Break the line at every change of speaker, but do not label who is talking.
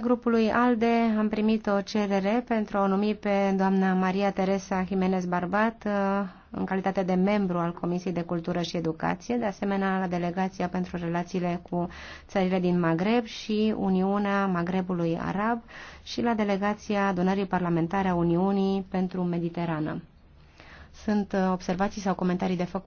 partea grupului ALDE am primit o cerere pentru a o numi pe doamna Maria Teresa Jimenez Barbat uh, în calitate de membru al Comisiei de Cultură și Educație, de asemenea la Delegația pentru Relațiile cu țările din Maghreb și Uniunea Maghrebului Arab și la Delegația Adunării Parlamentare a Uniunii pentru Mediterană. Sunt uh, observații sau comentarii de făcut?